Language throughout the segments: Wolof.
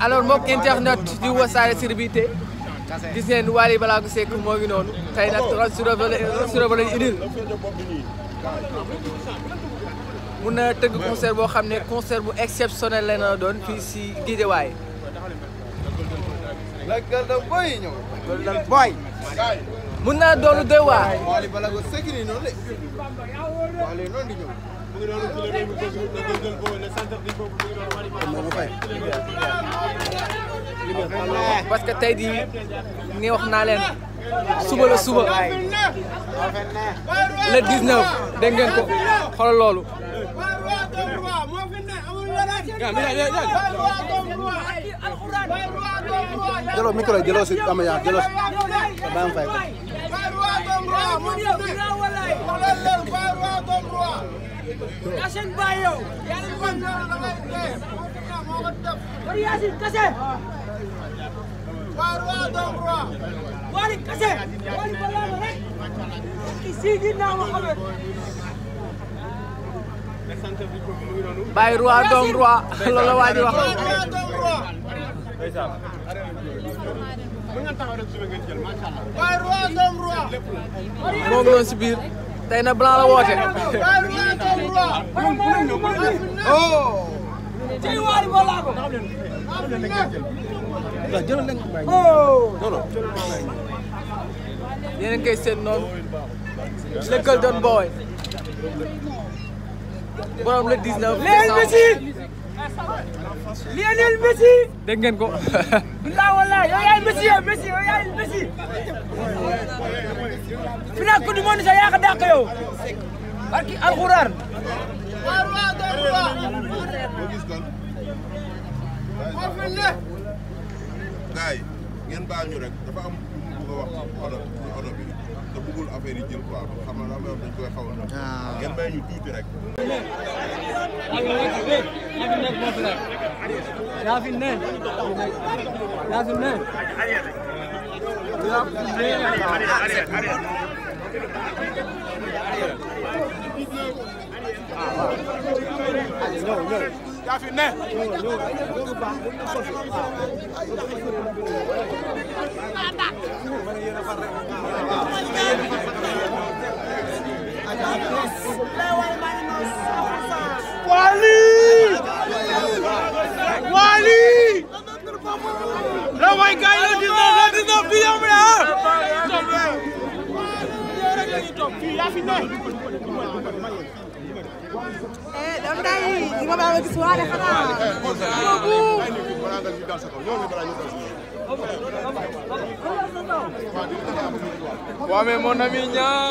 alors mbokk internet di wasaare sir bi te gis ngeen Wally Ballago noonu tey nag Ross Robert lañu indil mun na tëgg concert boo xam ne concert bu exceptionnel la na doon fii si Guédiawaye la Golden naa doonu doy waar Wally parce que tey di ni wax naa leen suba la suba le 19 dégg ngeen ko xoolal loolu. jëloo micro jëloo si am yaa jëloo si ba am fay ko. yaa seen baay yow yaa leen mën war yaasin kase waa roi donc roi wali kase wali balaama rek ki siigi naa Muhammad Baye roi doom roi loolu la waa ji wax. moom noonu si biir. tey na blanc la woote. oh. yéen a ngi koy seet noonu le golden boy borom le 19 décembre. Lionel Messi. dégg ngeen ko. bilaa walaay yow yaay Messi yow Messi yow yaay Messi. final coupe du monde sax yaa ko dàq yow. barki alxuraan. gars yi ngeen bëggul affaire yi jël quoi xam nga dafa dañ koy xaw a. Ah. ngeen may ñu tuuti rek. yaa fi ne yaa fi ne. yaa fi ne. yaa fi ne. Wally Wally la way gaay la dina la dina bi yow mi ah eh dam day di ma ba wa gis waale xanaa waaw mais mon ami ñaa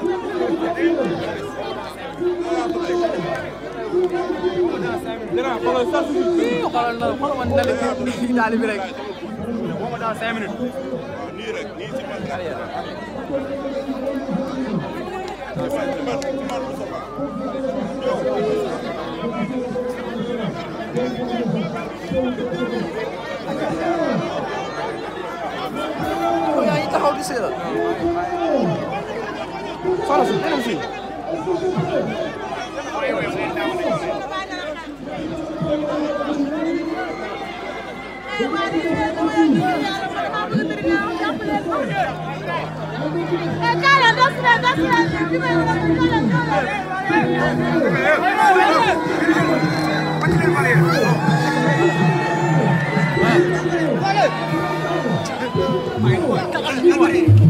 yaa ngi taxaw di seela soxna si dina si. Thank you.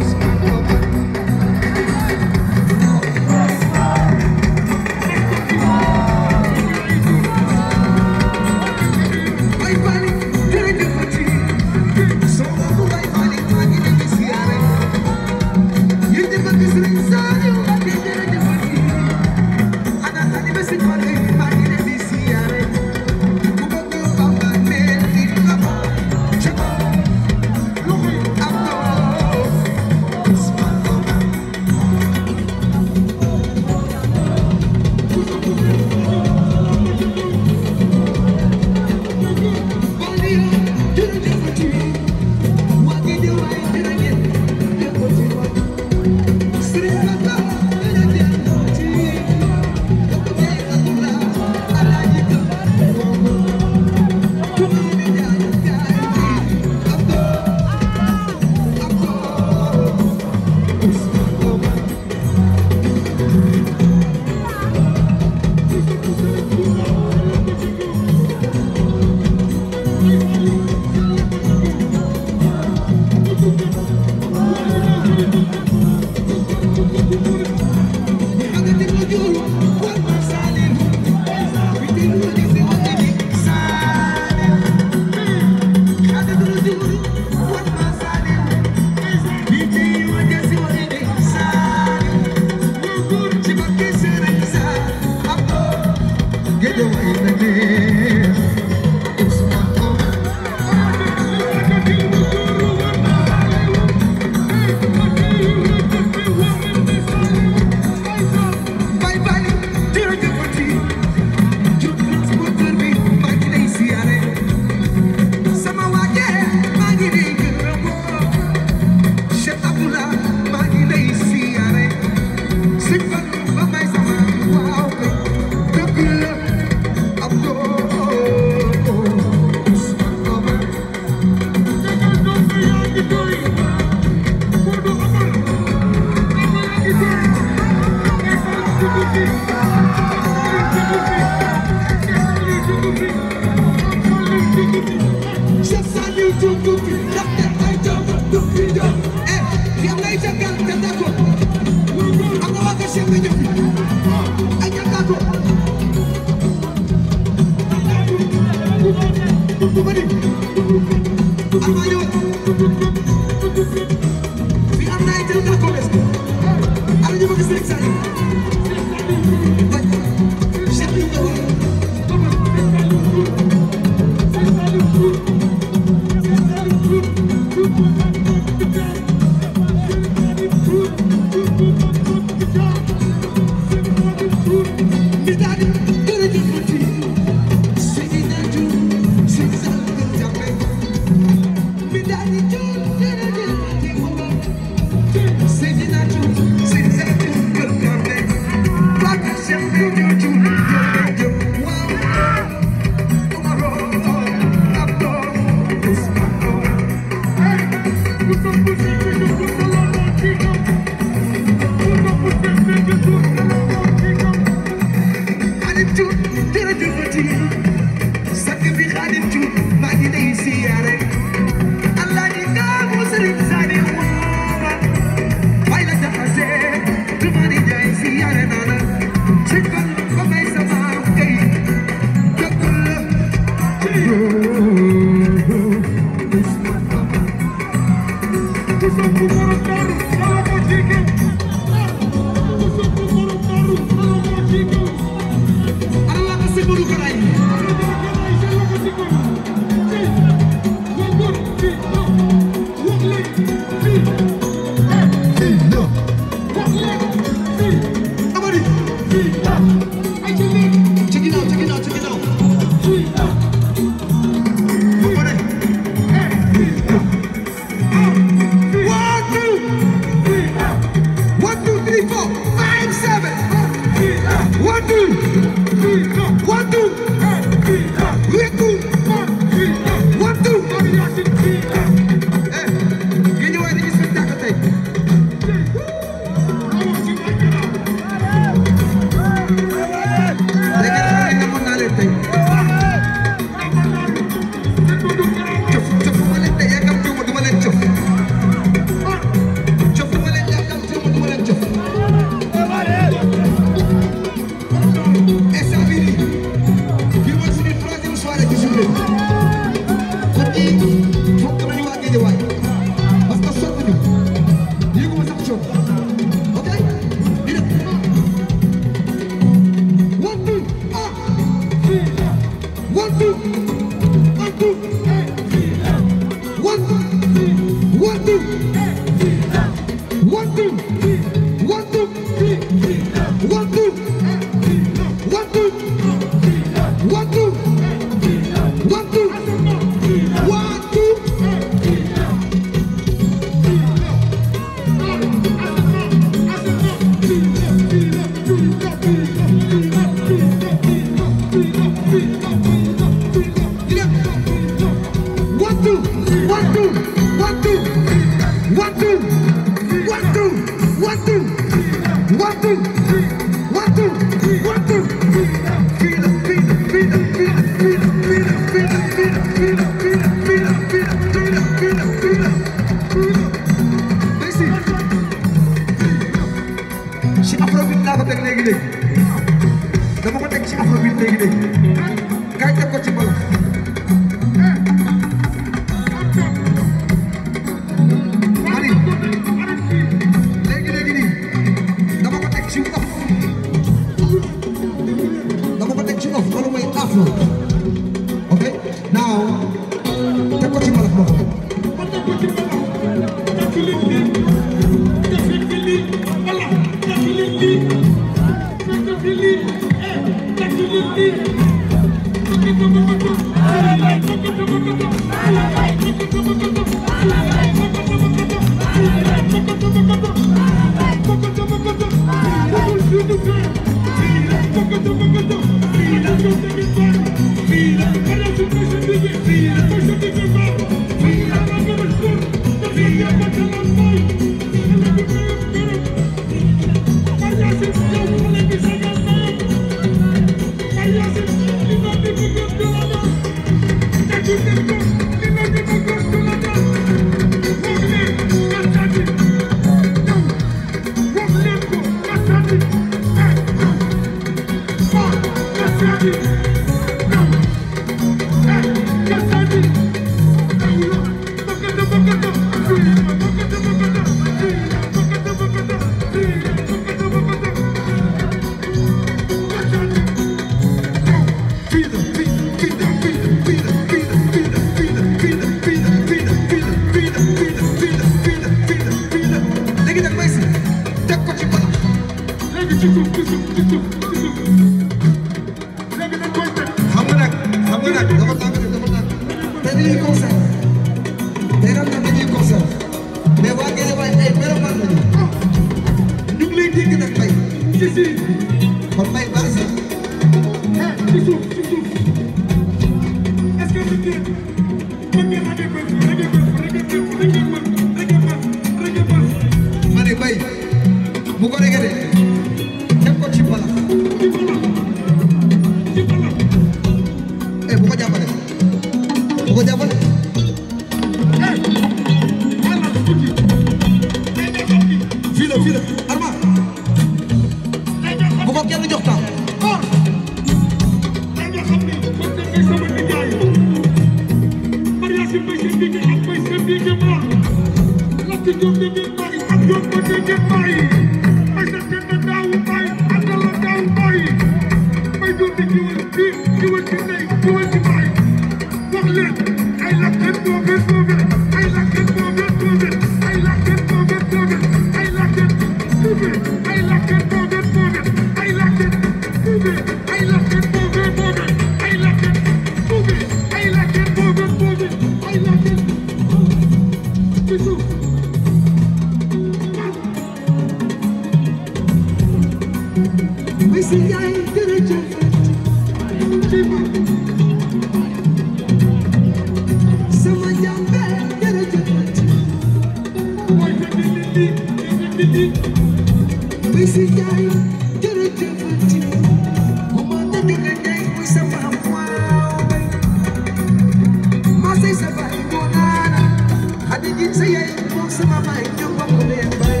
ay ñu bokk leen bay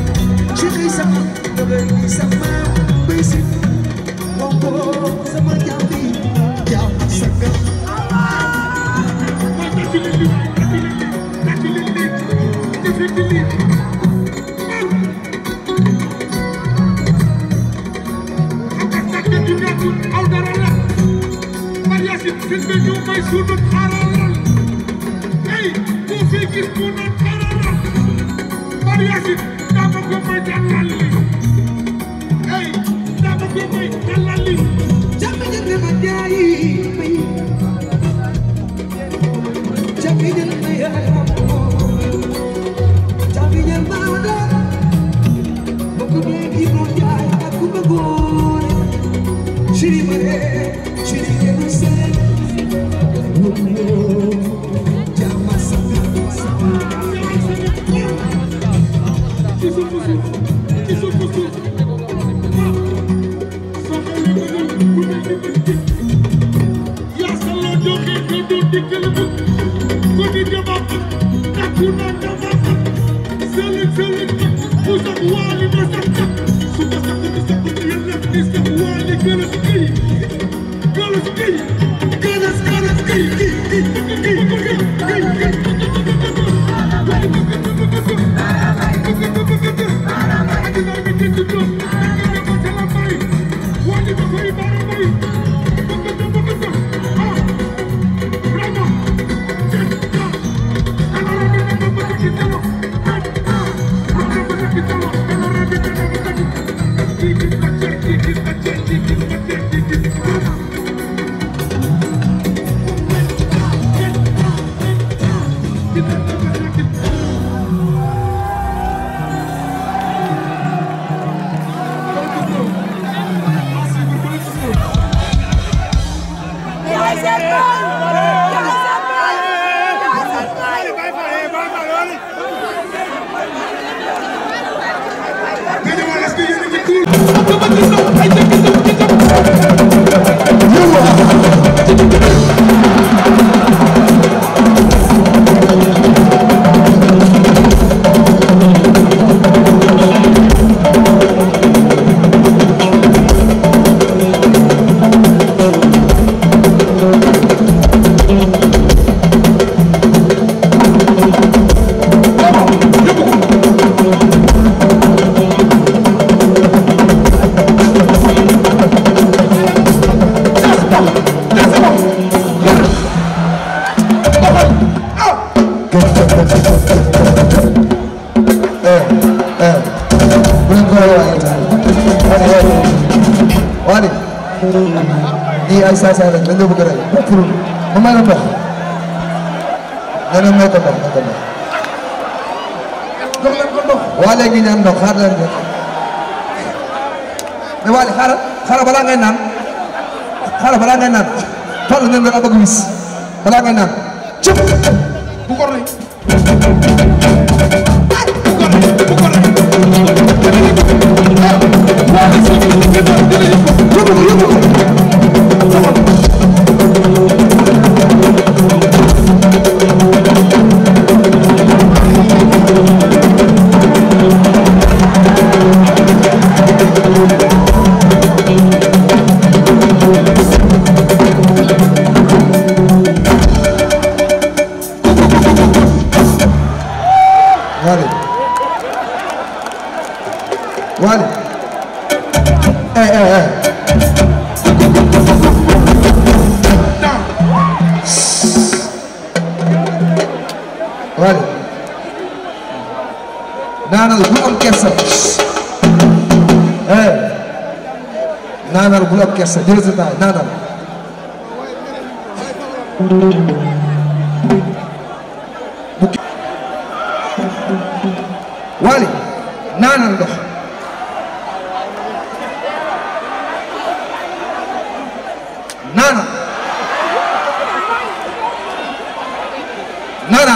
ci xëy sama dabay gi sama bay si bokko sama jàmbi jàmm sa gëm Aw dara la Maria si fi ñu may suñu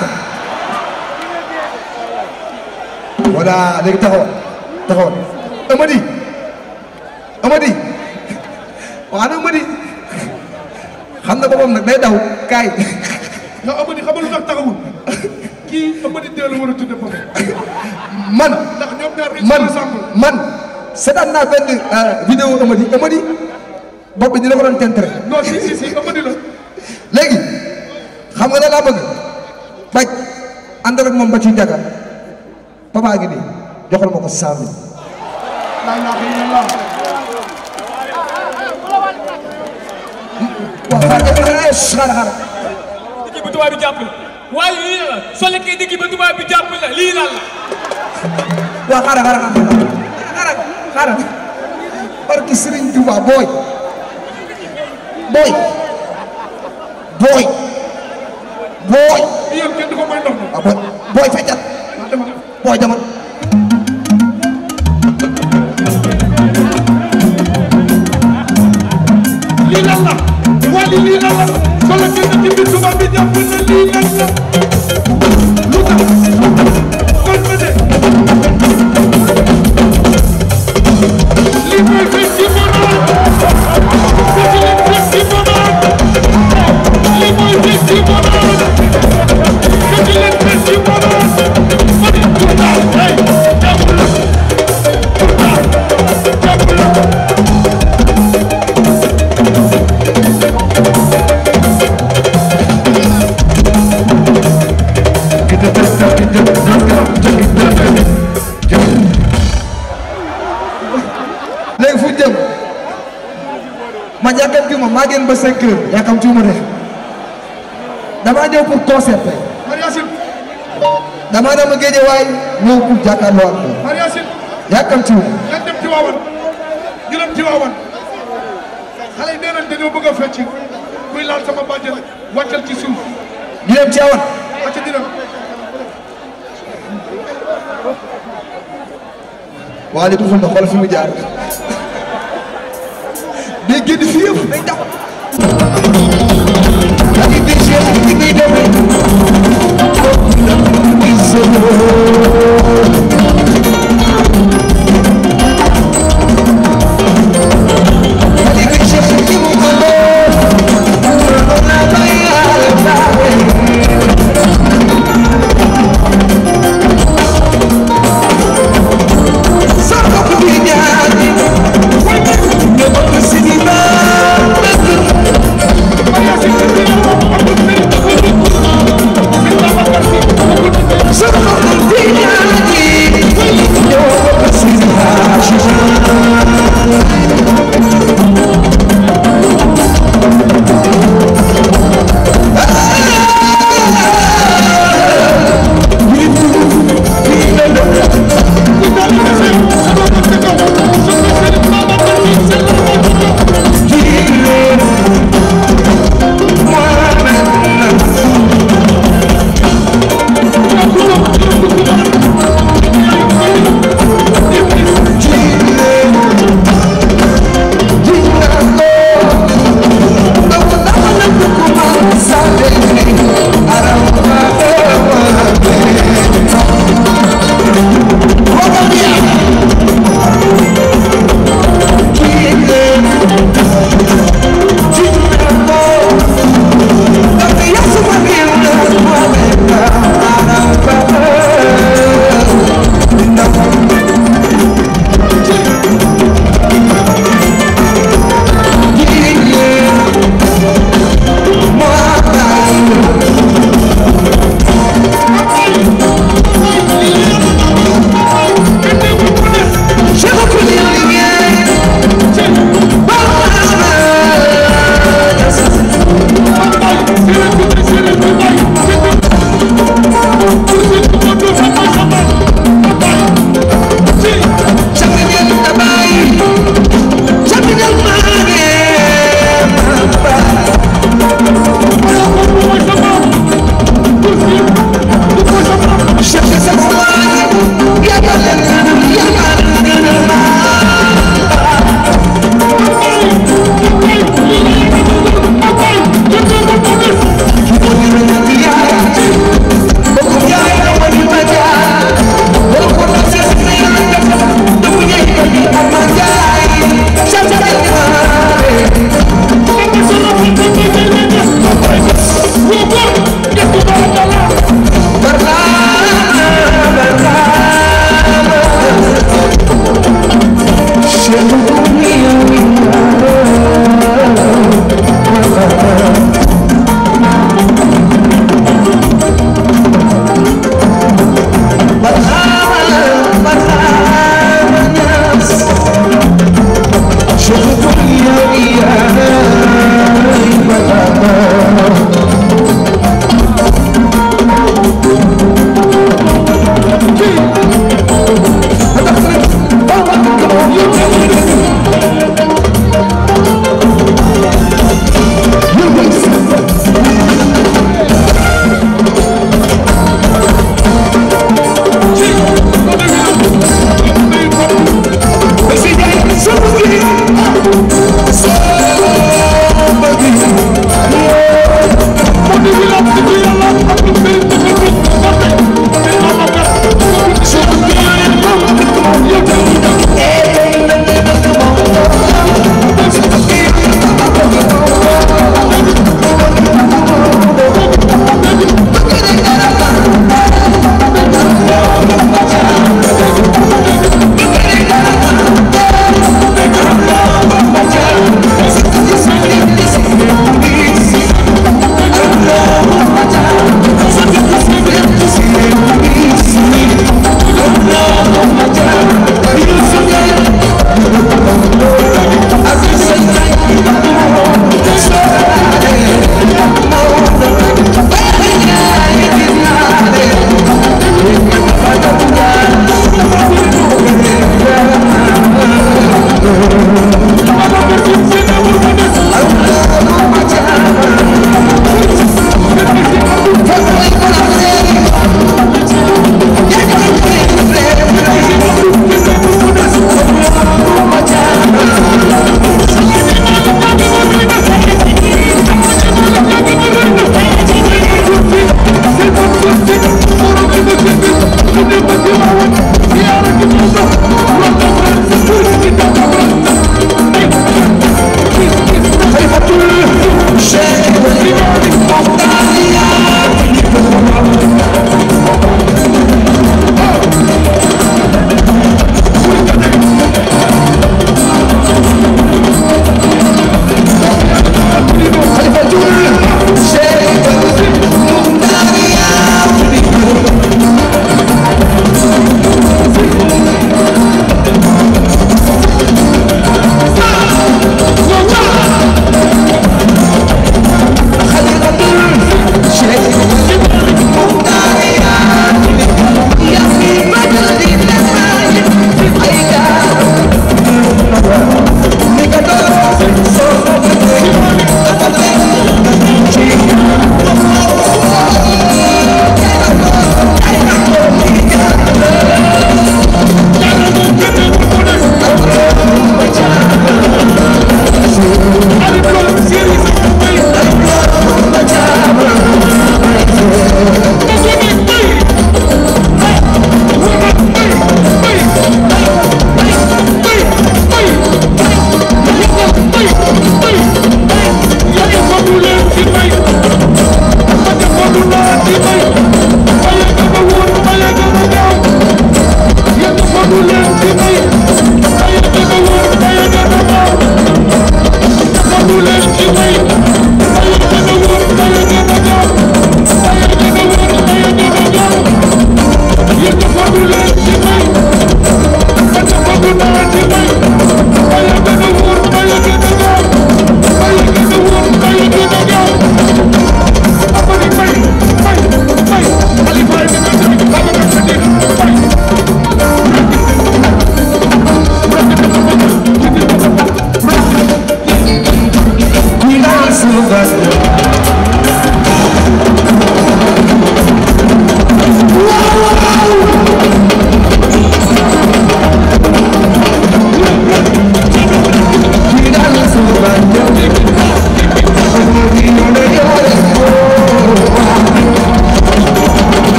naa ko voilà léegi taxawal taxawal Amady Amady waaw na Amady xam na boppam nag day daw kaay. non Amady xam nga lu tax man ndax man man seetaan naa benn euh, vidéo Amady Amady bopp bi ñu la ko doon tentere. non léegi xam nga da laa bëgg. demoon ba ci njaga papa gi nii joxal yéen kenn du ko may ndox na. Ah, waaw booy booy feccat. booy jamono. lii lan la wàllu lii lan la soo leen gën a dimbali tubaab bi jàpp na lii lan la lu tax. dem ba 5 heures yaakaar tuuma de damaa ñëw pour concerter. damaa dem ba géej waay ñëw pour jàkkaarloo ak moom. yaakaar tuuma. lan dem Tiwaawan ñu dem Tiwaawan xale yi nee nañ dañoo bëgg a fecc kuy laal sama bàjjen wàccal ci suuf. ñu dem Tiwaawan. wàcc di dem. waa li du xul na xool fi mu jaar. day génn fii Senhor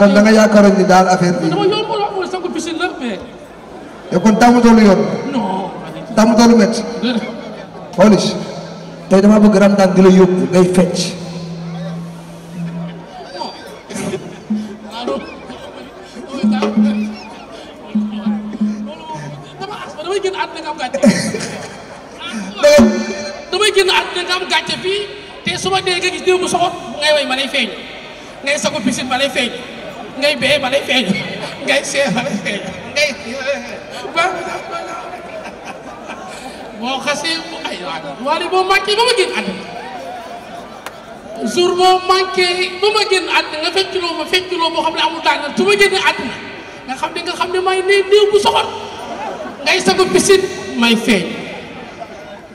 kon da nga yaakaaroon ni daal affaire bi. dama yomb loo xam ne sangu piscine la mais. te kon taamu toolu yoon. non. taamu toolu métti. Pawlish tey dama bëgg Ramdaan di la yóbbu ngay fecc. fekk ba ma génn àddina jour boo manqué ba ma génn àddina nga fekkuloo ma fekkuloo boo xam ne amul daanaka su ma génnee àddina nga xam ne nga xam ne may néew néew bu soxor ngay sangu piscine may feeñ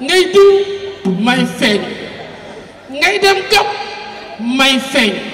ngay diw may feeñ ngay dem gàpp may feeñ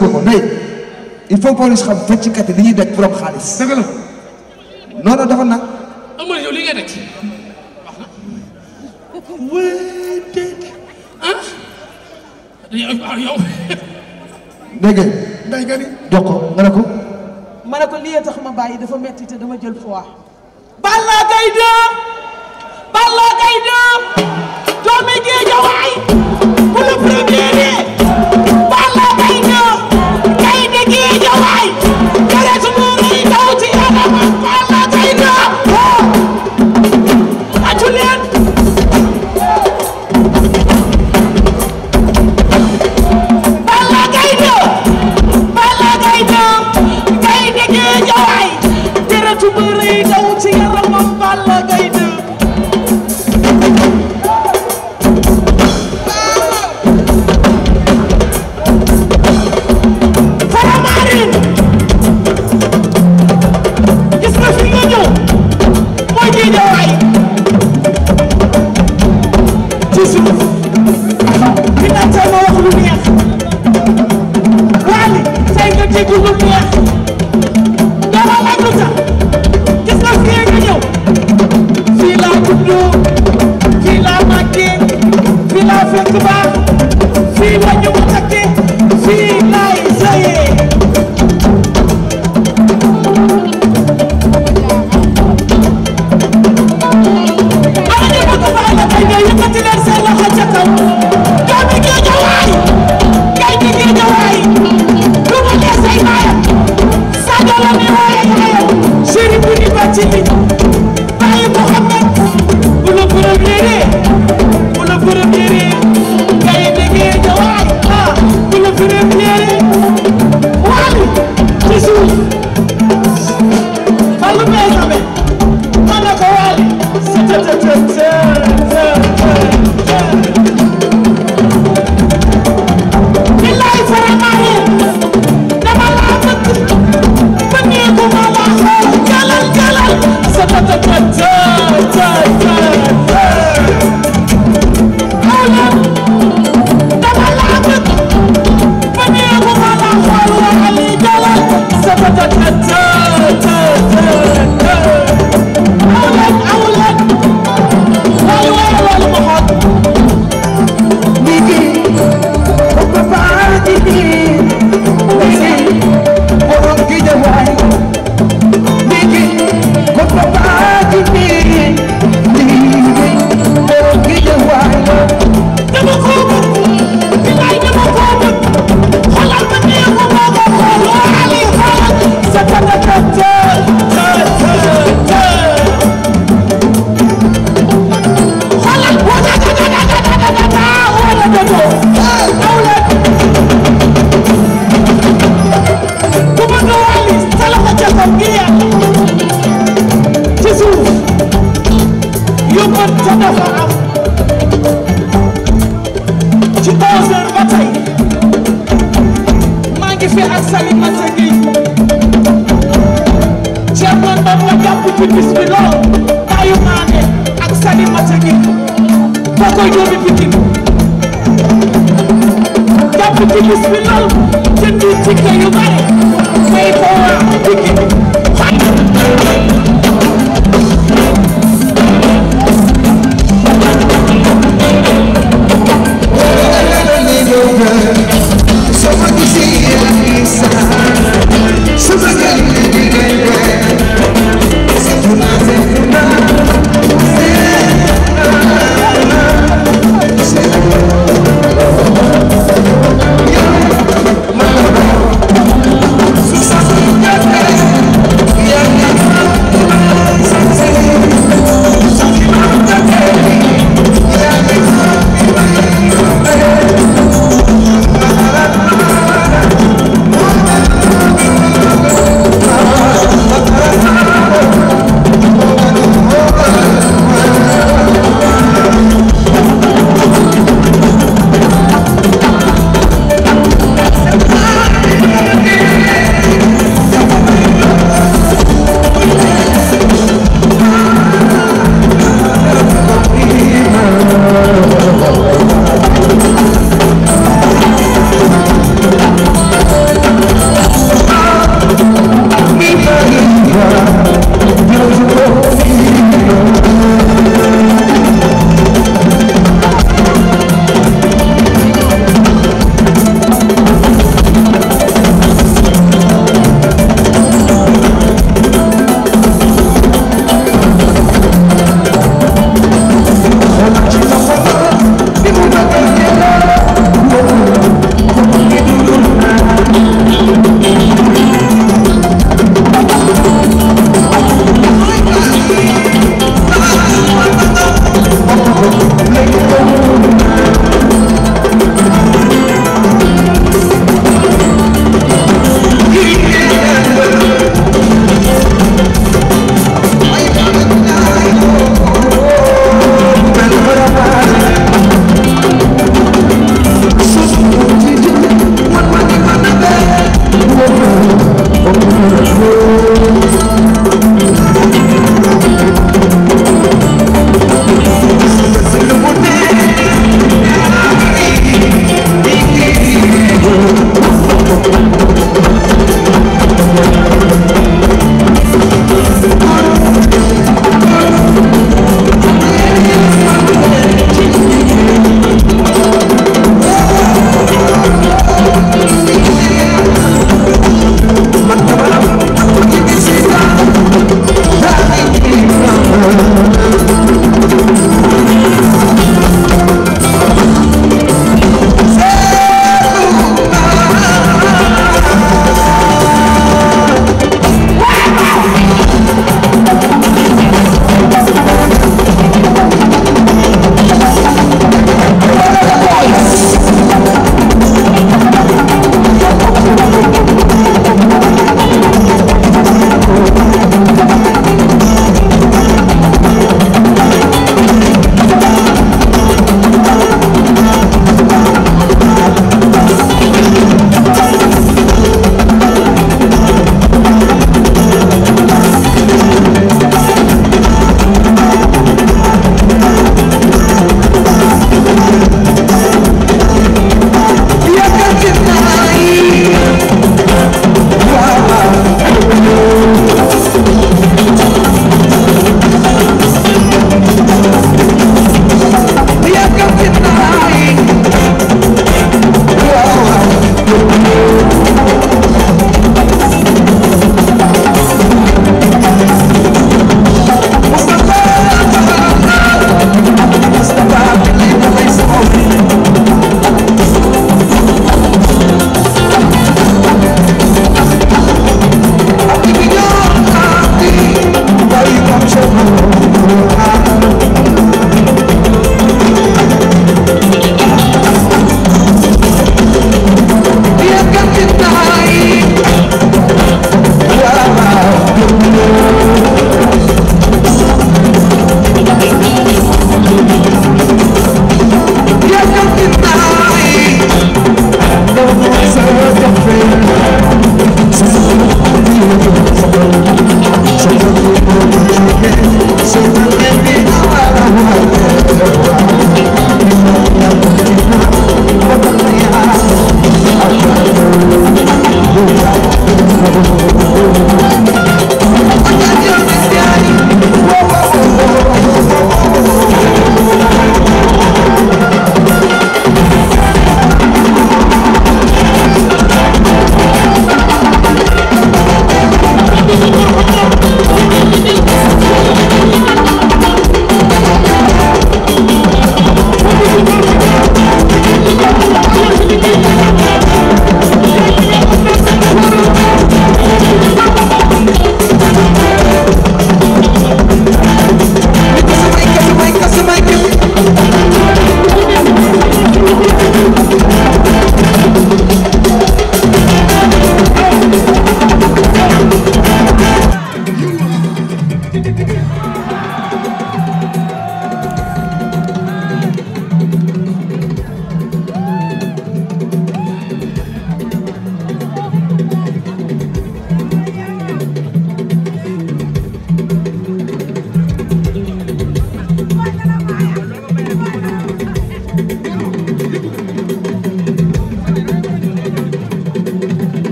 nga ko dégg il faut police xam feccikat yi dañuy daj borom xaalis. dëgg la noonu dafa nag. amul yow li ngay daj. wéy dégg ah. yow. dégg nga. dégg nga ni jox ko nga ne ko. ma ne ko lii tax ma bàyyi dafa metti dama jël poids.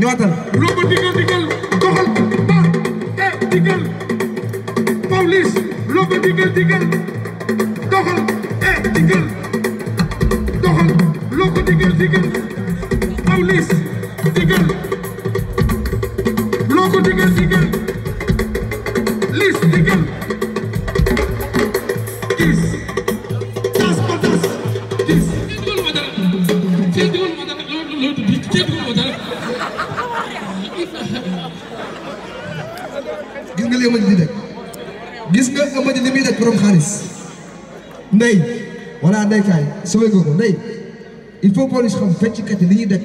ñootal xaalis xam fecc kat yi li ñuy daj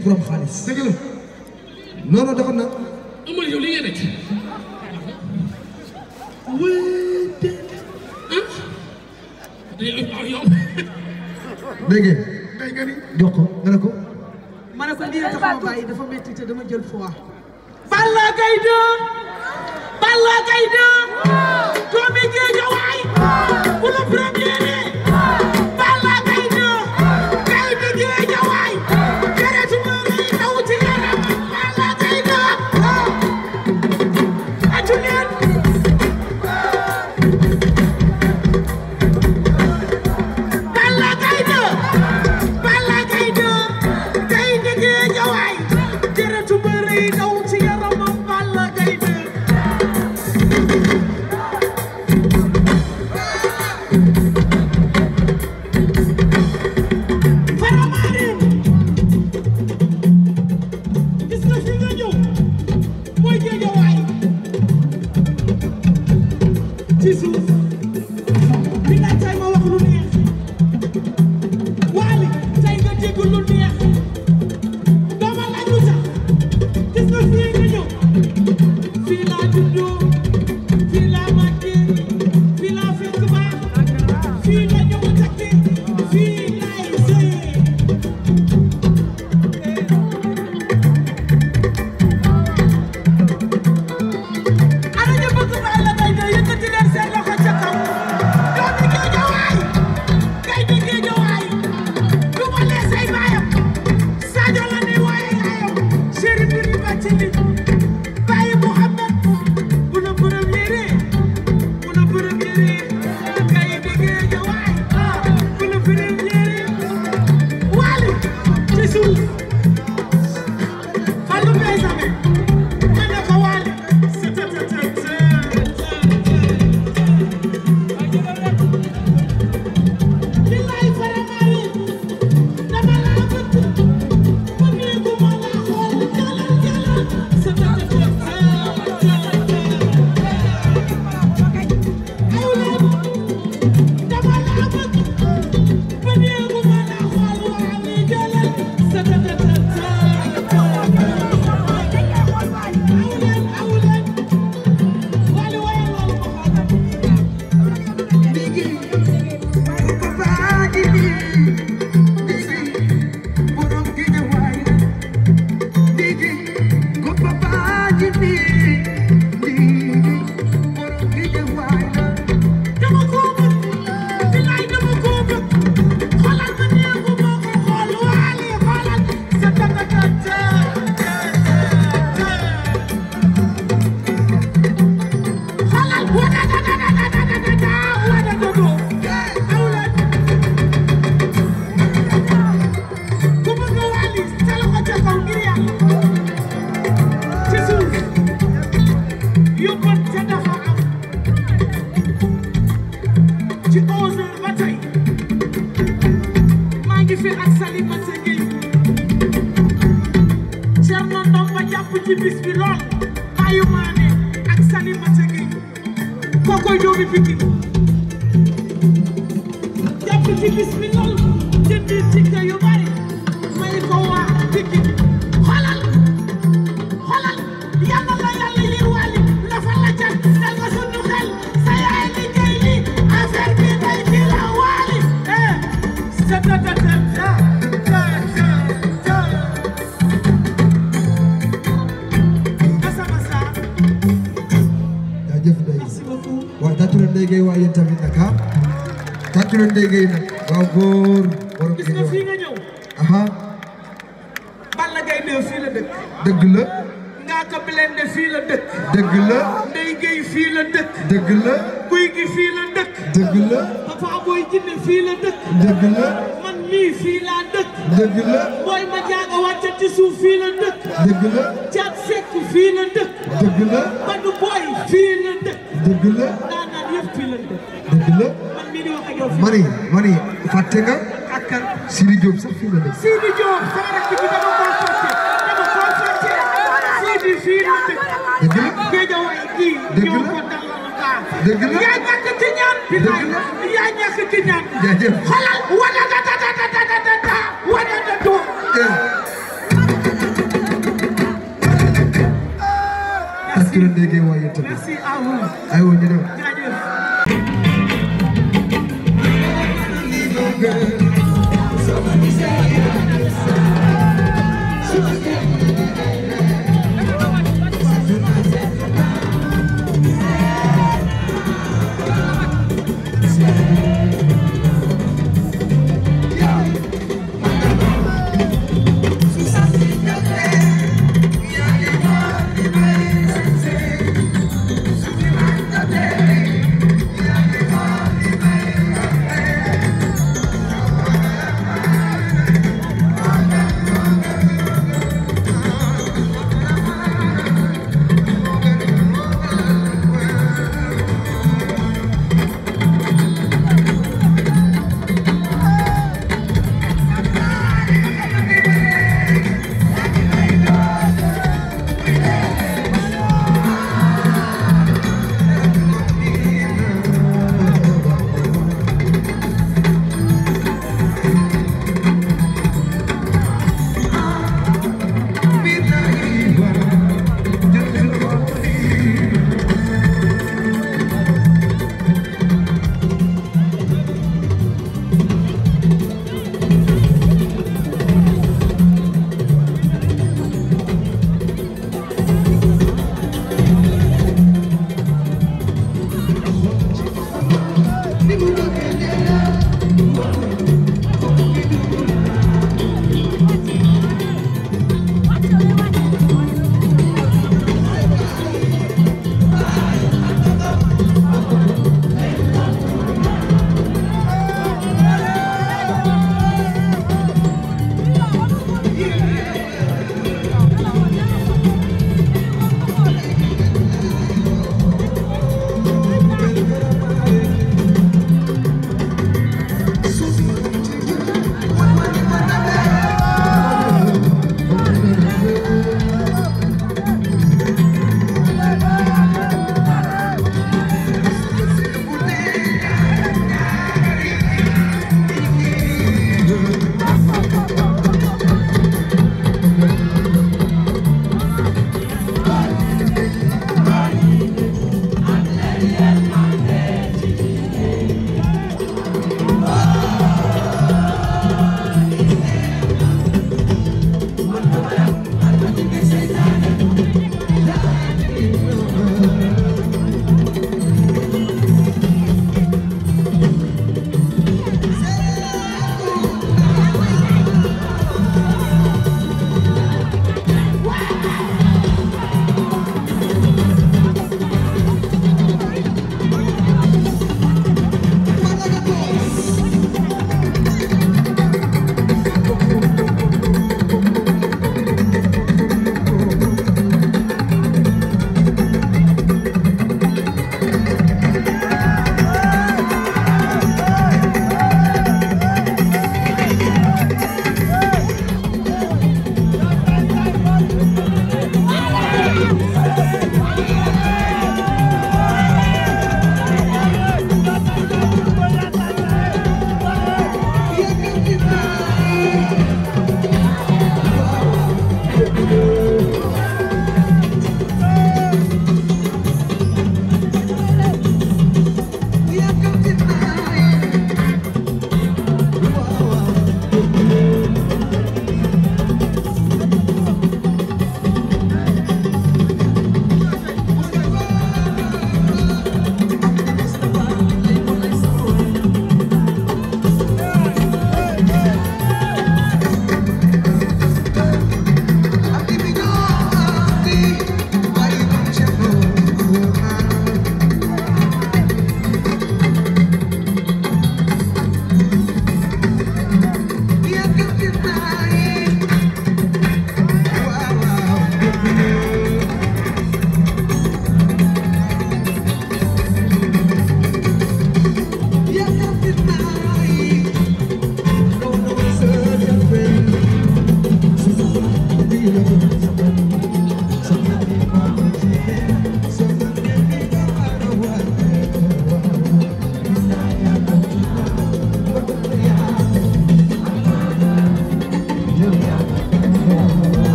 def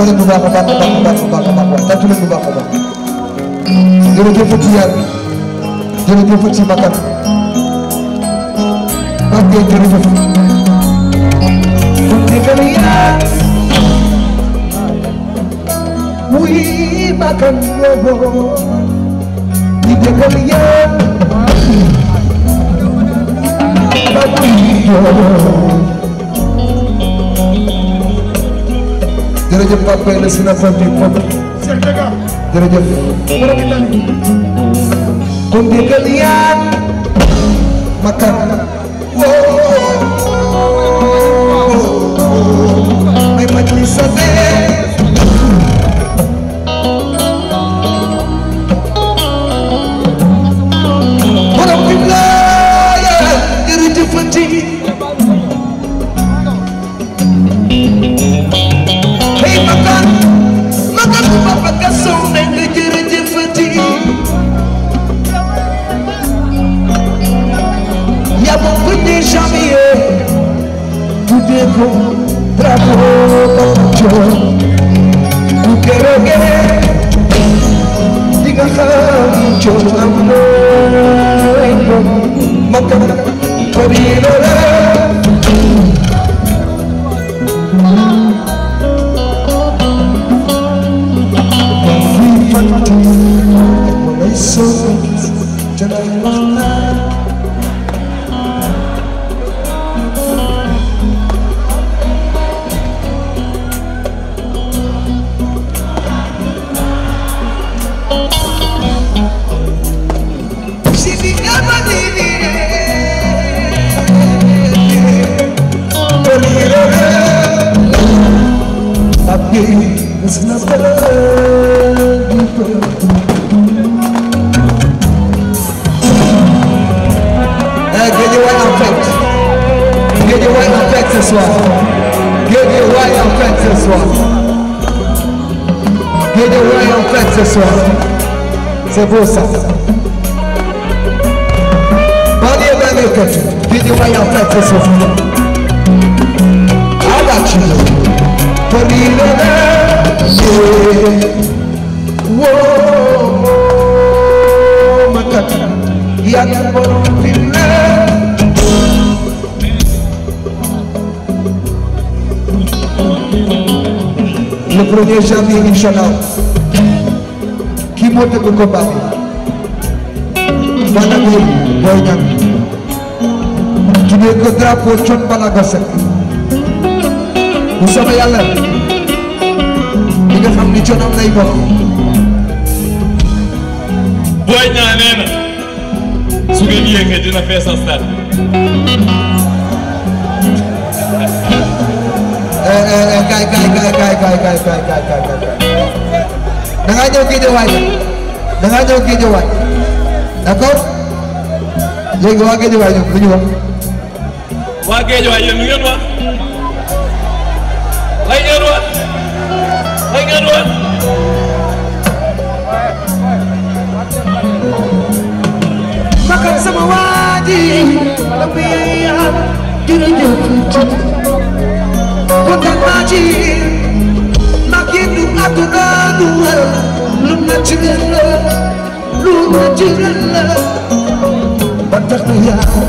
jàpp leen bu baax a baax a baax baax baax baax baax jërëjëf Pape Mbaye le sénateur du peuple jërëjëf. kon ndigal yaa makkan woo ay majlis di jambier tuddee ko drapeau Papa Thione bu keroogee di nga xam Thione am na ay mbokk mbokk bi loolu fursa. Baada memleketi gidip ayakta kısıfını al açını Tabilene ye Wo makat yakbaru fillah le premier janvier incha allah kii moo tëgg combat drapeau Thione Ballago Seck bu soobee yàlla li nga xam ni Thione am nay bokk. booy ñaa nee na su ngeen yéegee dina feesal stade gaay gaay gaay gaay gaay gaay gaay gaay gaay gaay da ngaa ñëw Géejawaay da ngaa ñëw Géejawaay d'accord léegi waa Géejawaay ñoom lu ñu wax waa géej waay yéen lu ngeen wax lay ngeen wax lay ngeen wax bakkan sama waa ji dama yaayam jërëjëf kontaan naa ci mag yi du àdduna du wër lu naturel la lu naturel la ba tax na yaa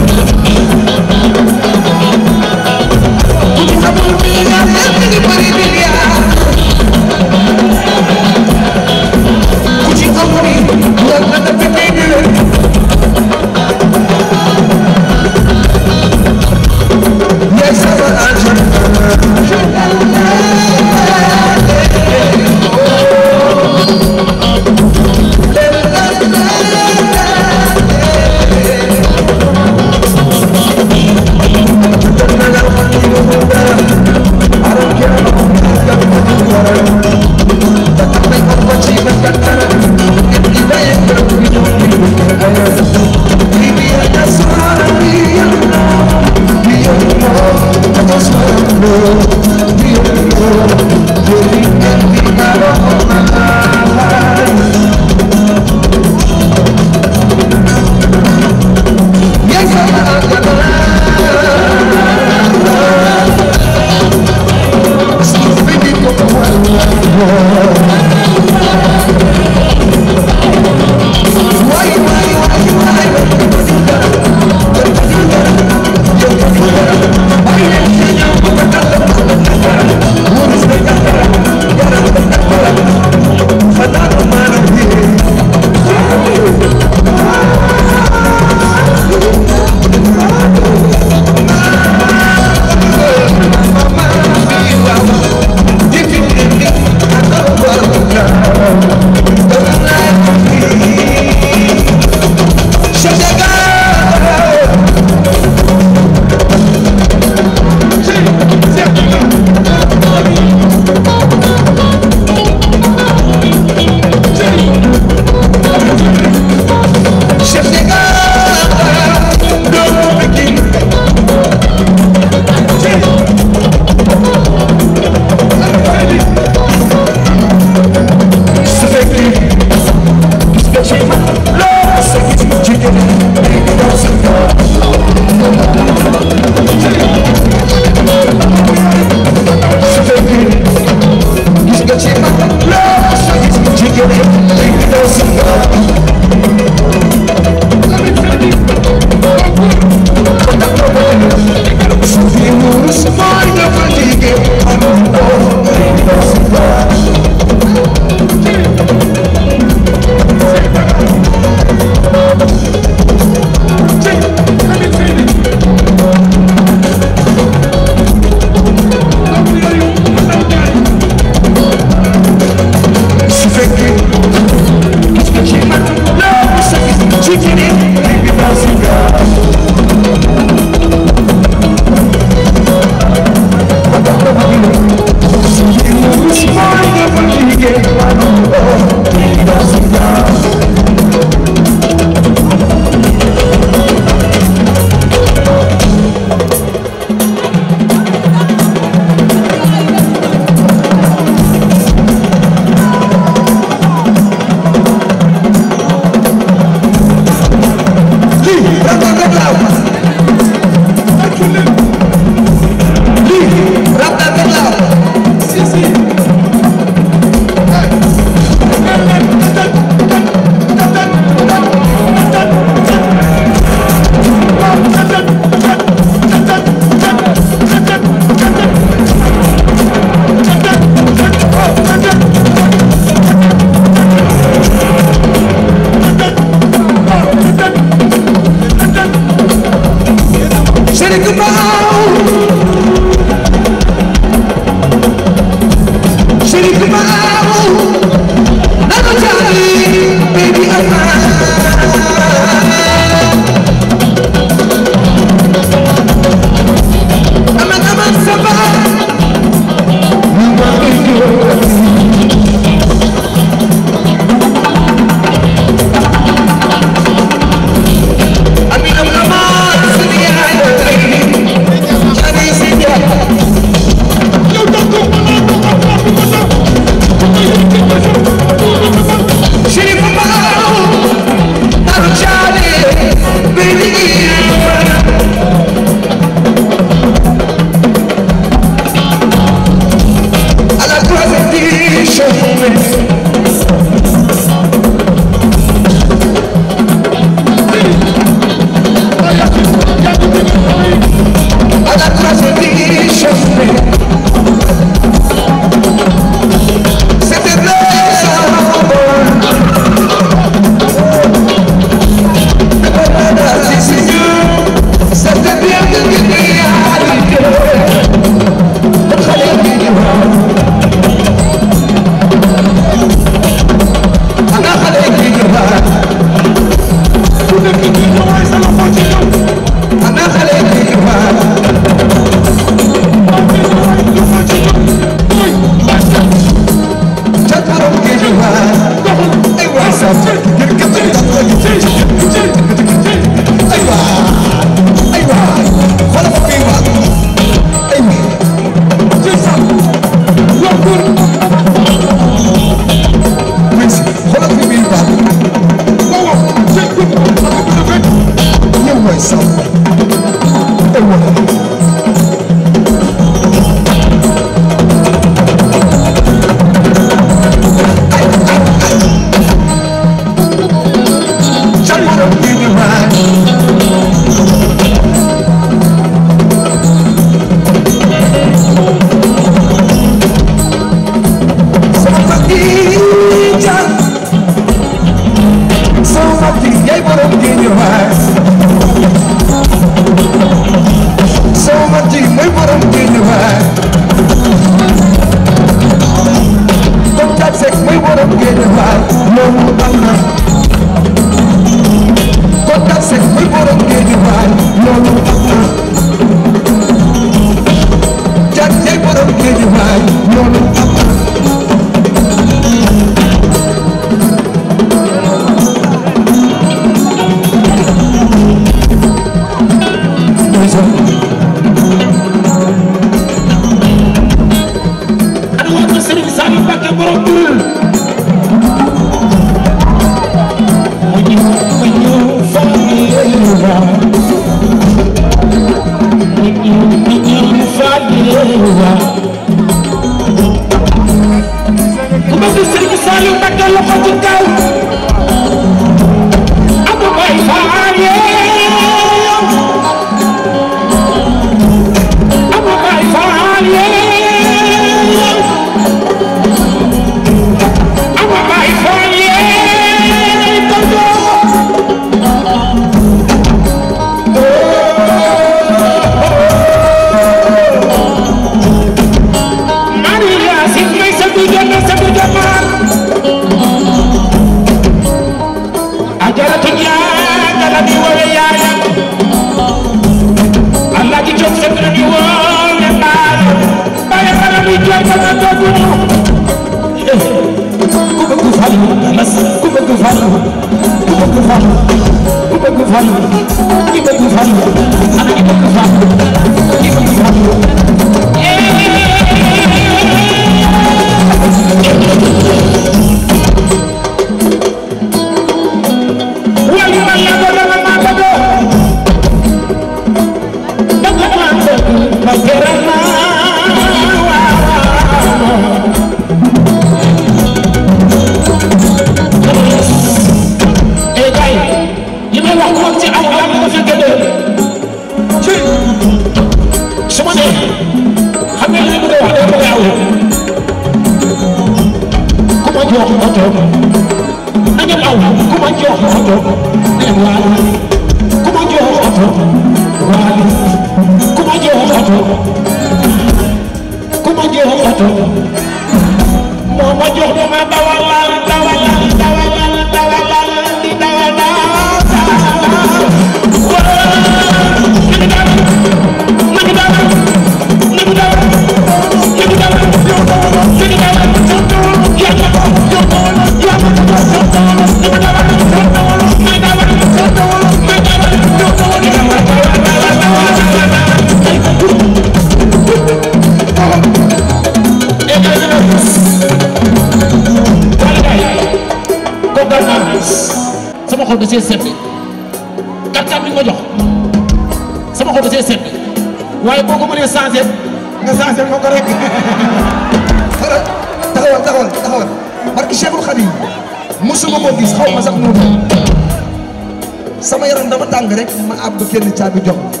génn caabi jox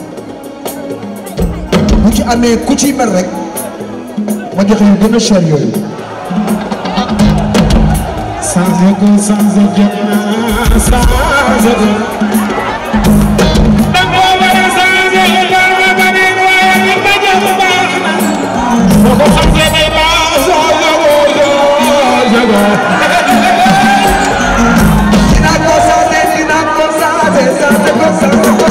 bu ci amee ku ciy mel rek ma jox yu gën a cher yooyu. changé ko changé jot naa changé ko. Santa Gonçalo.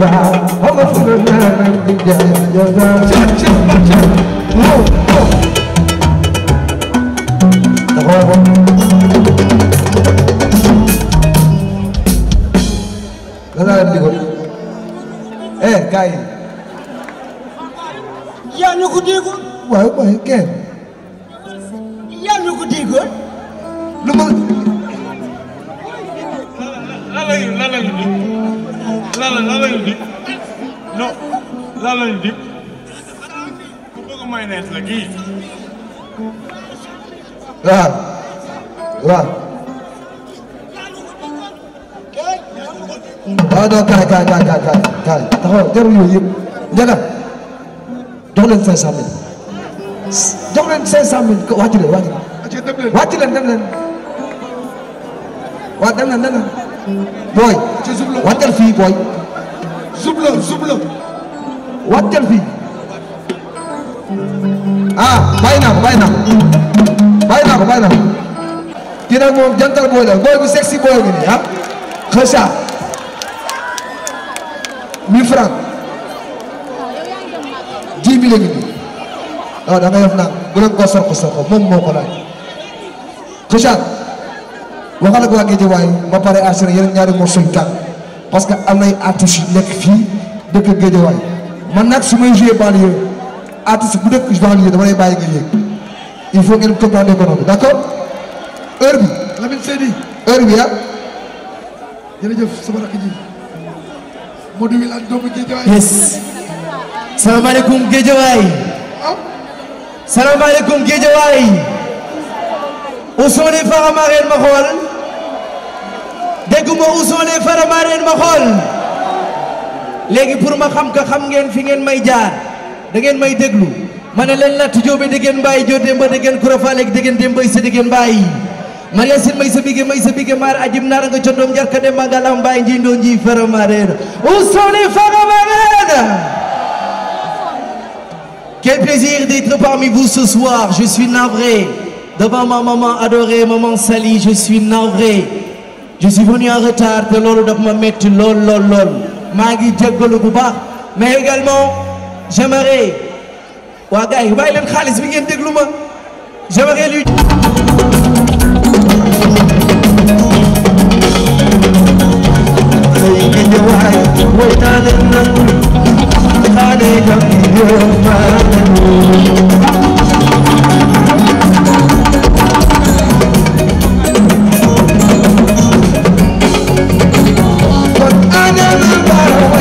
ba xam nga fu sàmmiñ ko wàcc leen wàcc leen dem leen waaw dem leen dem leen booy wàccal fii booy subla subla wàccal fii ah bàyyi naa ko bàyyi naa ko bàyyi naa ko bàyyi naa ko kii nag moom jantal la booy bu sexy booy ngi nii ah xësa mille francs dix mille ngi nii waaw bu leen ko soq soq moom moo ko laaj Richard waxal ak waa Guédiawaye ma pare assuré yeneen ñaari morceau yu tànn parce que am nay artistes yu nekk fii dëkk Guédiawaye man nag su may joué banlieue artiste bu dëkk banlieue dama lay bàyyi nga yéeg il faut ngeen comprendre économie d' accord heure bi Lamine Seydi heure bi ah jërëjëf sama rakk ji Modou Wil ak doomu Guédiawaye yes salaamaaleykum Guédiawaye salaamaaleykum Géejawaay Ousmane Faramareen ma xool dégguma Ousmane Faramareen ma xool léegi pour ma xam ka xam ngeen fi ngeen may jaar da ngeen may déglu ma ne leen Lat Joobe dégg ngeen Mbaay Joo Demba dégg ngeen Kura Faal dégg ngeen Demba Isa dégg ngeen Mbaay Maria Sin may sa bige may sa bige maar ajim naar nga condom jarka demba ngalam Mbaay njiindoo njii Faramareen Ousmane Faramareen Quel plaisir d'être Je suis navré. Devant ma maman adorée, maman Sali, je suis navré. Je suis venu en retard te loolu daf ma metti lool lool lool maa ngi jéggalu bu baax mais également j'aimerais waa gars yi bàyyi leen xaalis bi ngeen déglu ma j'aimerais lui way عليك من قد أنا من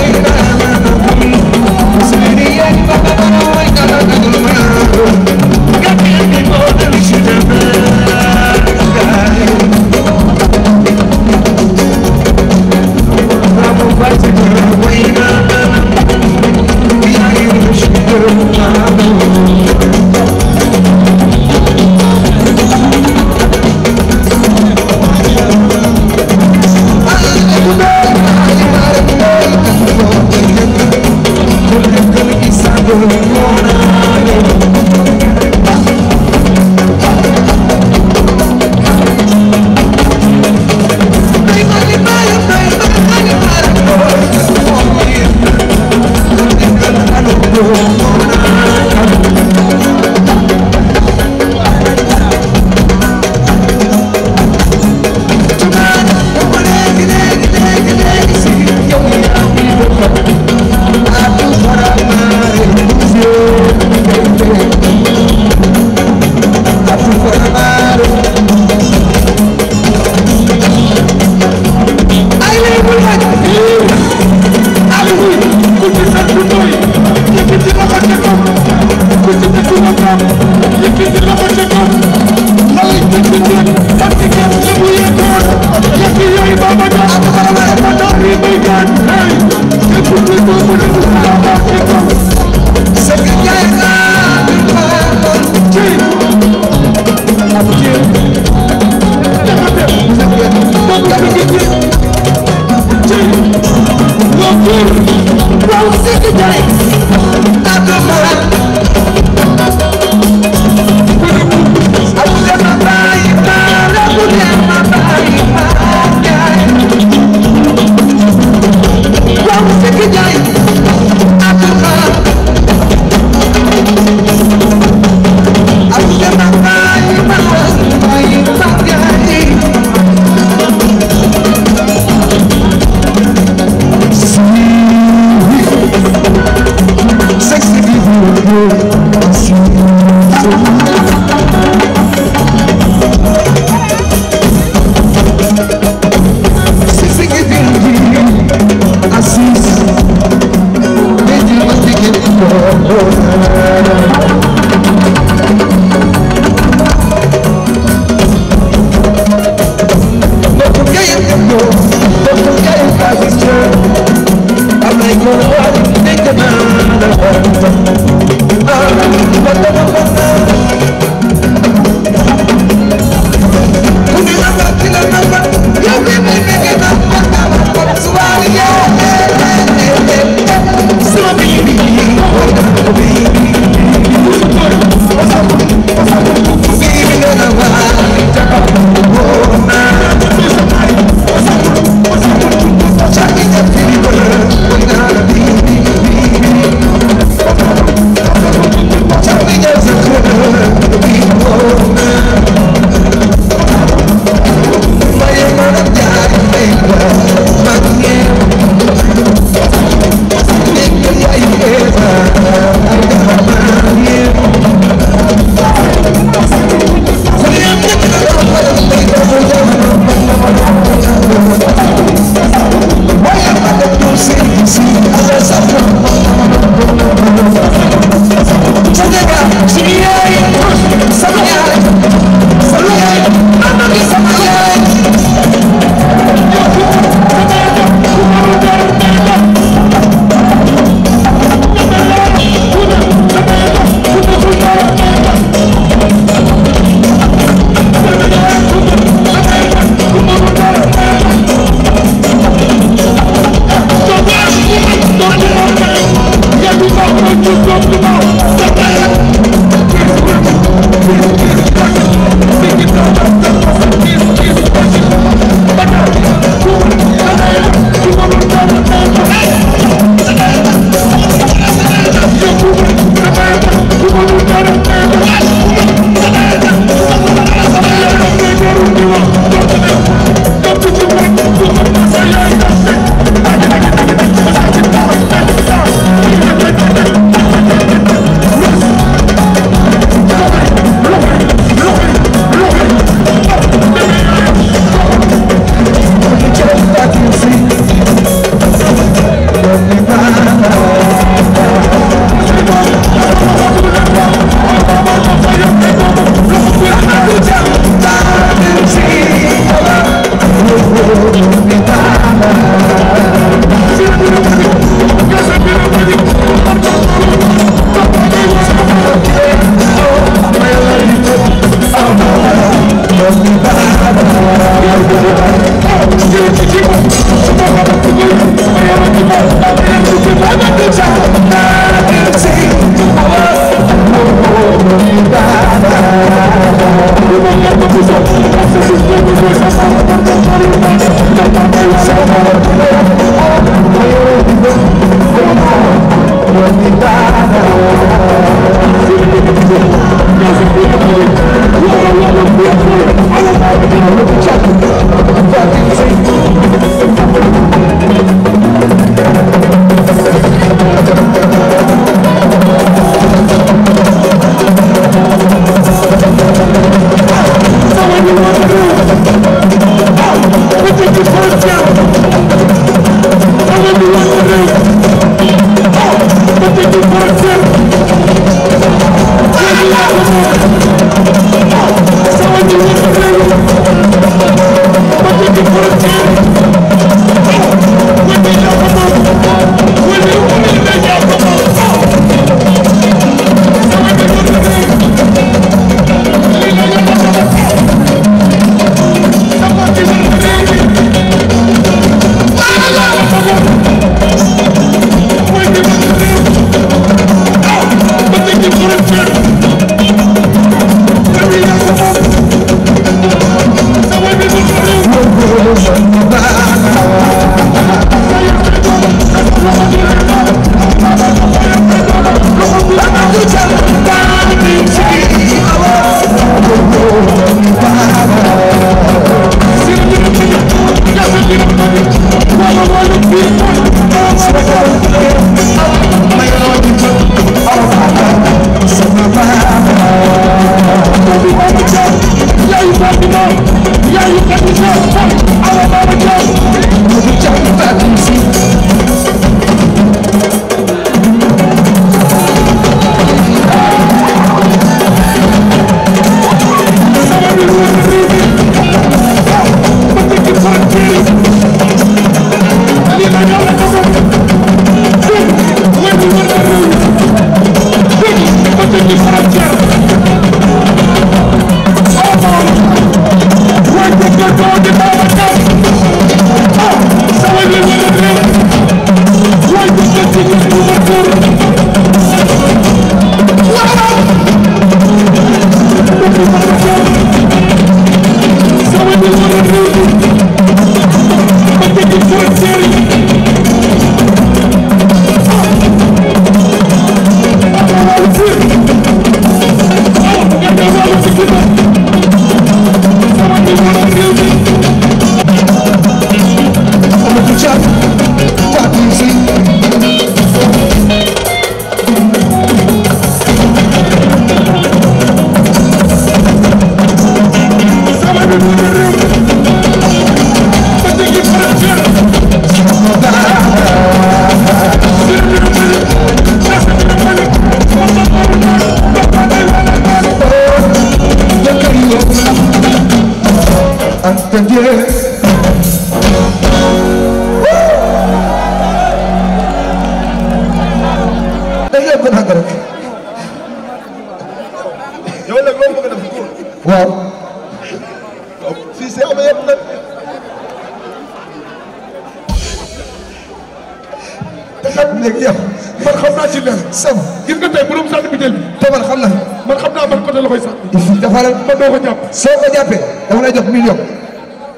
soo ko jàppee dama lay jox million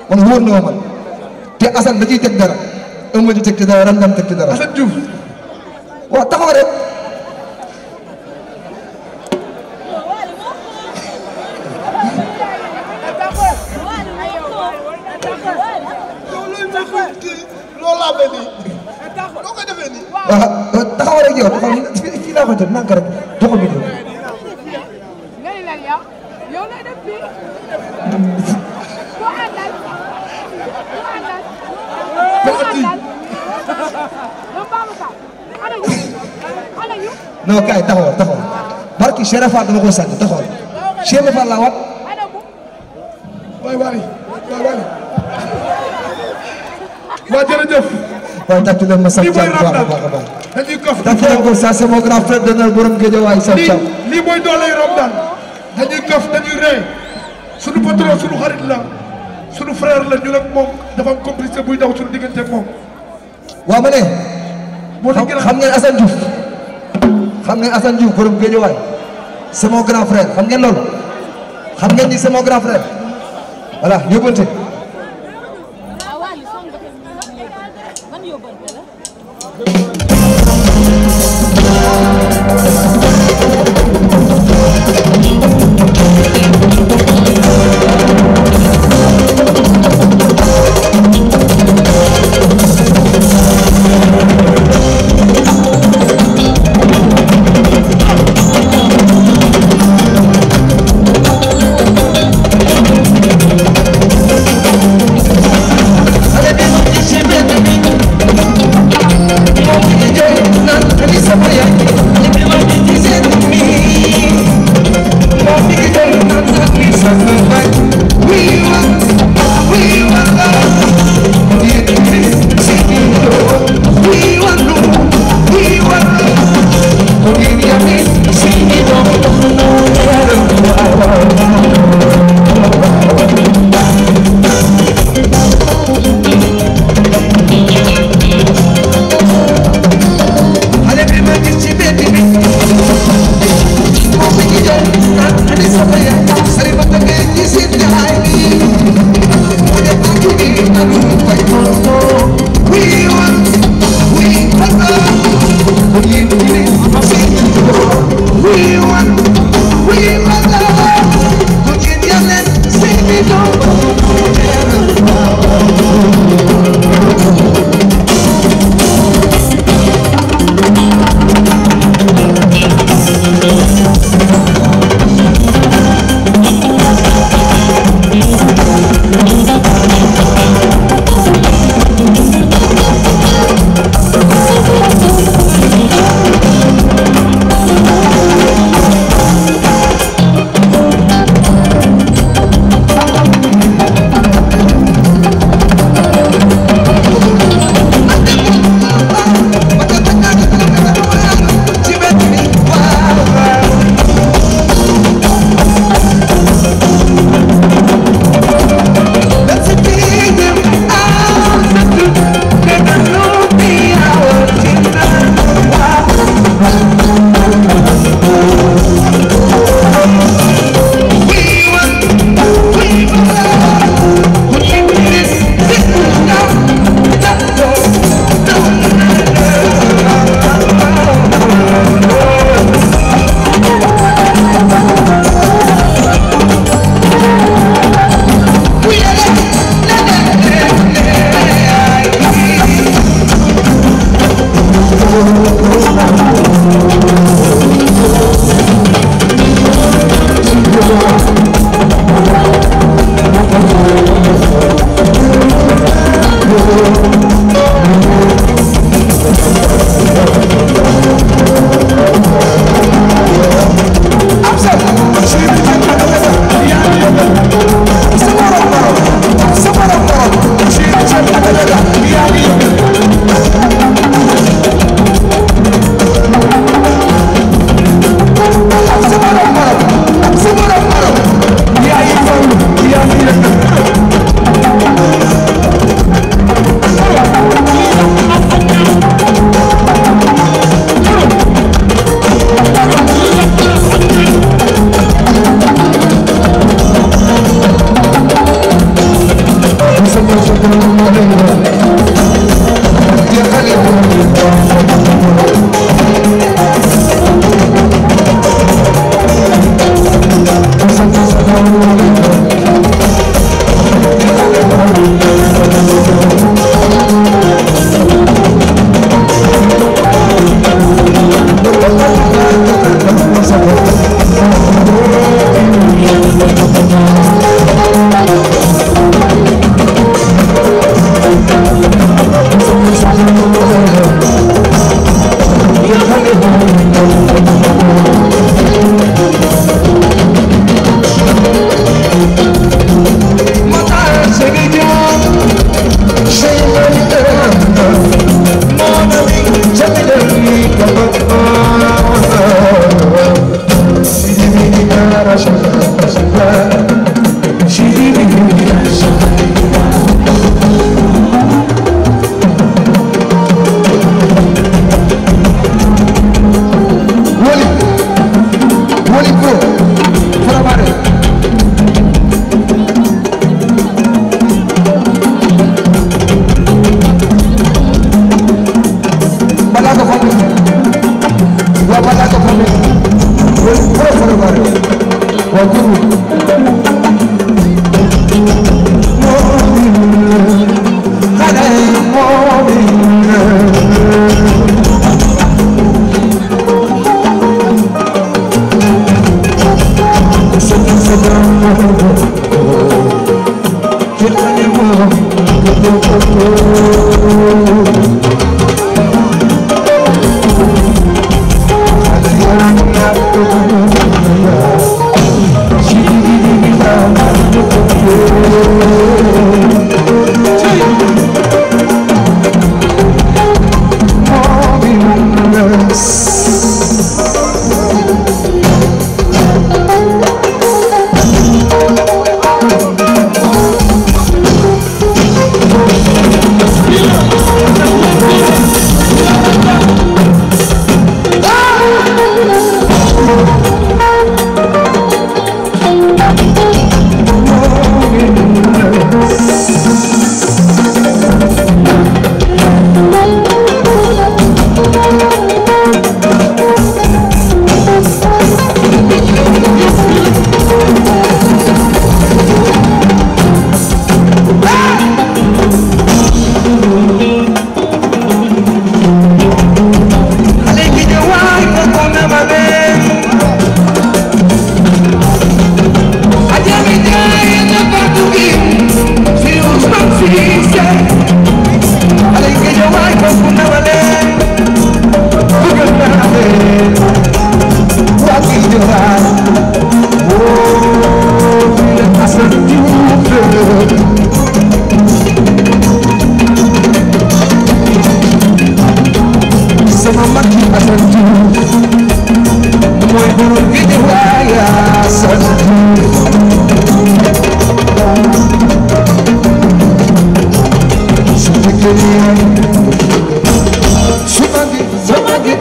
man wóor na ma man te Assane da ciy teg dara ëmb di teg ci dara ren daan teg ci dara. Assane Diouf. Cheikh Fall dama ko sànni taxawal Cheikh Fall laa wat. waaw waaye waaw jërëjëf. waaw tàcc leen ma Sam Thiam bu baax a baax a baax. dañuy kaf tàcc leen ko ça c'est mon grand frère d'honneur borom Guédiawaye Sam Thiam. lii lii mooy doole Ramadan dañuy kaf dañuy ree suñu patron suñu xarit la suñu frère la ñu nag moom dafa am complicité buy daw suñu diggante ak moom. waaw ma ne. moo xam ngeen Assane Diouf xam ngeen Assane Diouf borom Guédiawaye. c'est mon grand frère xam ngeen loolu xam ngeen ni c'est mon grand voilà yóbbante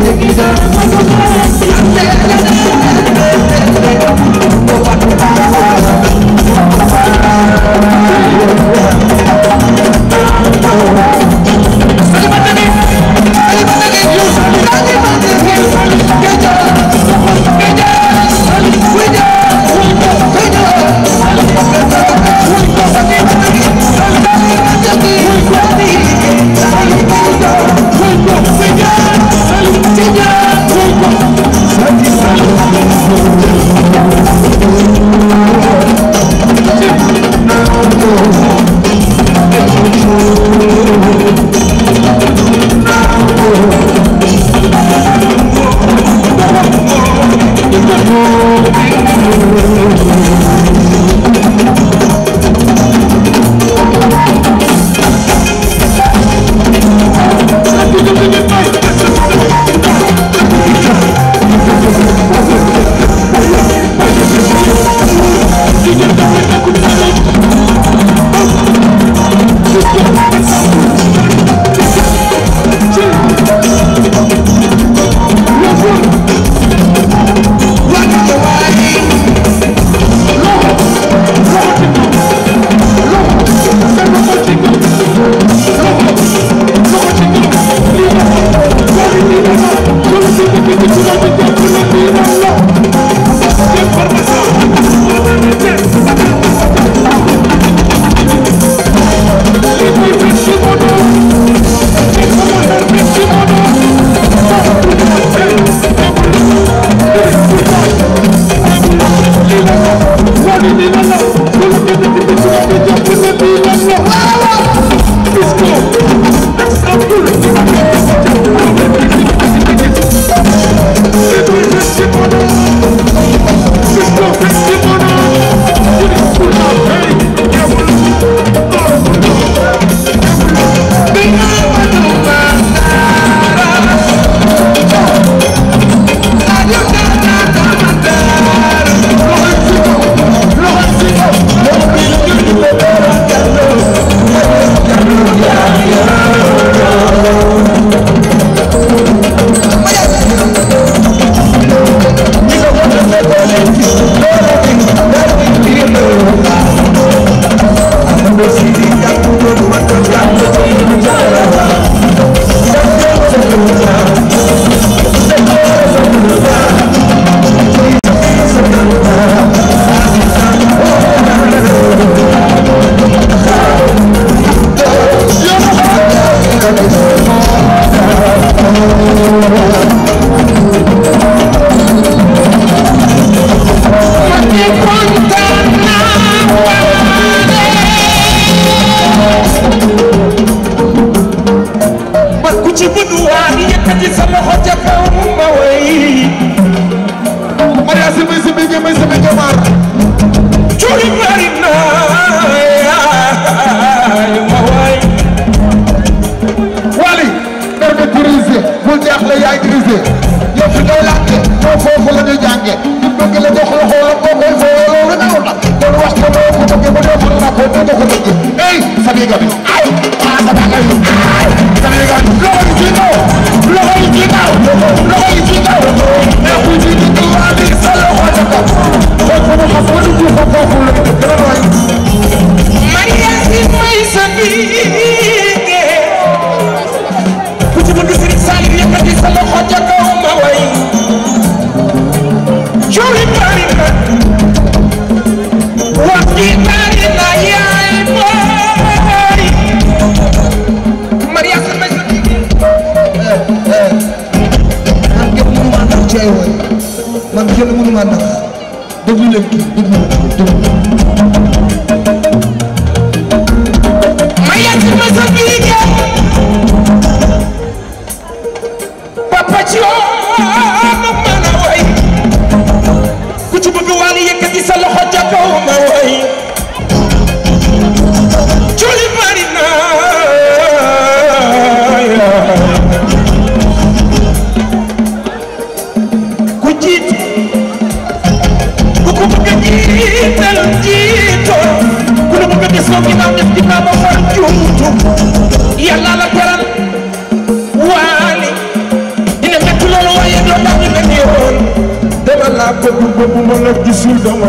Thank you. soo ginnaaw des ginnaaw ba war juumtu yàlla la teral waali dina métti loolu waaye doo daal di benn yoon dama laa bëgg bëgg ma la gisul dama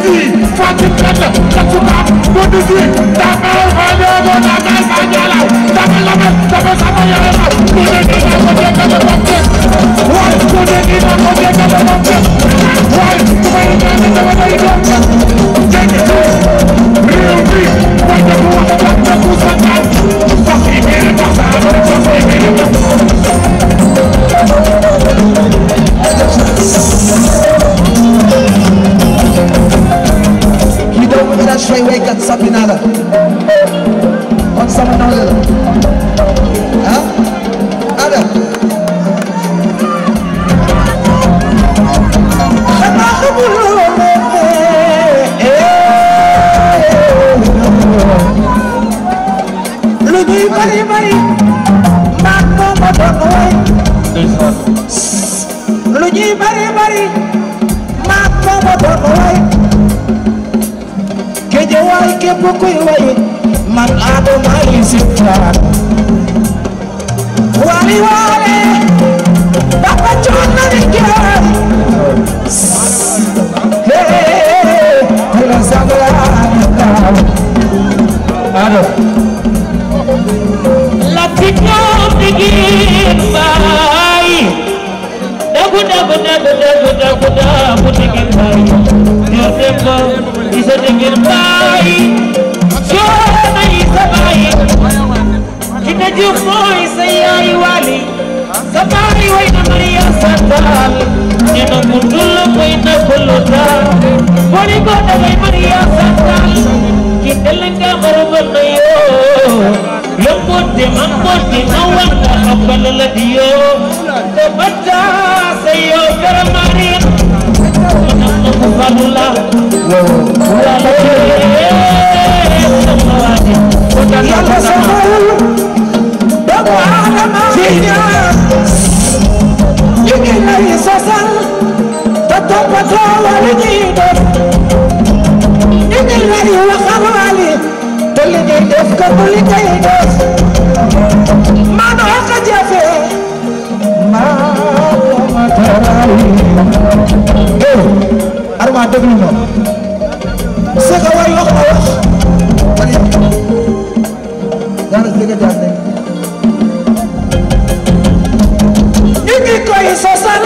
diye Fatou Tchata Tchata Ba Modou diye Damal Fanyoro Damal Fanyoro Damal Damal Damal Sama Yoro Kone Nina Kone Kale Bokte Woy Kone Nina Kone Kale Bokte Woy Kone Nina Kone Kale Bokte Denge Réew mi Wajja bu wax way waykat sappi naa la kon sama naw la képp kuy way man Adama li si faat wali waale Papa Thione na di gërëm hee dina saglaan daaw ado la ti ñoom di gin baay dagu dagu dagu dagu dagu dagu di gin baay Demba Issa Deguel Mbaay coono Issa Baay Kiné mooy sa yaay Wally sa baay way na Maria Santal nee na mu dul koy na bolota boli ko da way Maria Santal kiné la nga maruma na yoo yombote mambote na wanga abbalala diyo ko batta sa yoo kara Fadula yàlla saxal doomu aadama ñaar jigéen lay sasal te toppatoo wala ñuy def jigéen lay waxamaali te li ngay def ka bu li ngay def maanoo ka jafe maanoo ma taraay xaar ma déglu ma c'est que war wax a wax dara dëgg jaar koy sosal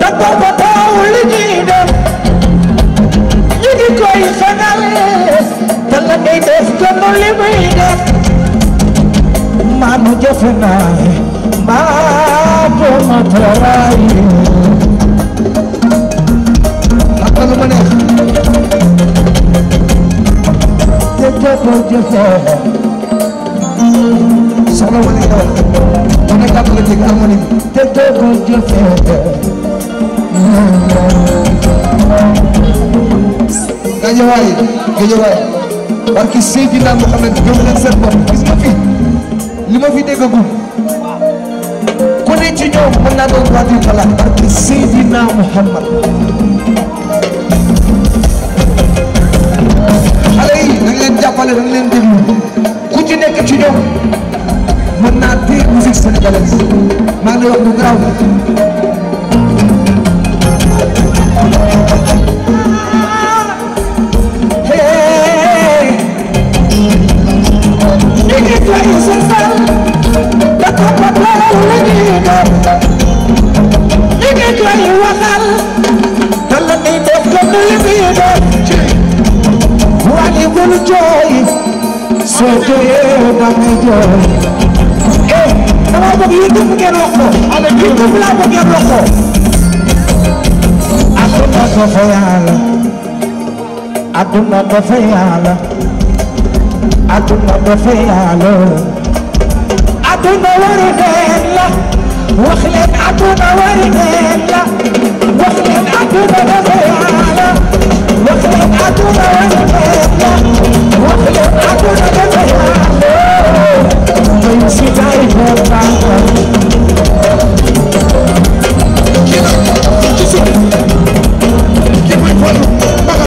da booba taaw li def ñu ngi koy fenal te la ngay def gënu li ma tëraay lu ma neex te toppoo jëfee soxla wala yow ku nekk ak nga dégg harmonie bi te toppoo jëfee gajawaay gajawaay parce fi li ma fi déggagum ku ne ci ñoom mën naa doon rajo Fala parce que Seydina nañ leen jàppale nañ leen déglu ku ci nekk ci ñoom mën naa téye musique sénégalaise maa ngi wax bu garaaw Tell me, don't you believe it? gonna jooy soo jooyee ba ngay jooy eh dama bëgg YouTube ngeen wax ko YouTube laa bëgg ngeen wax ko adduna dafa yàlla adduna dafa yàlla adduna dafa yàlla adduna wari neen la wax leen adduna wari neen la wax leen adduna dafa yàlla Thank you.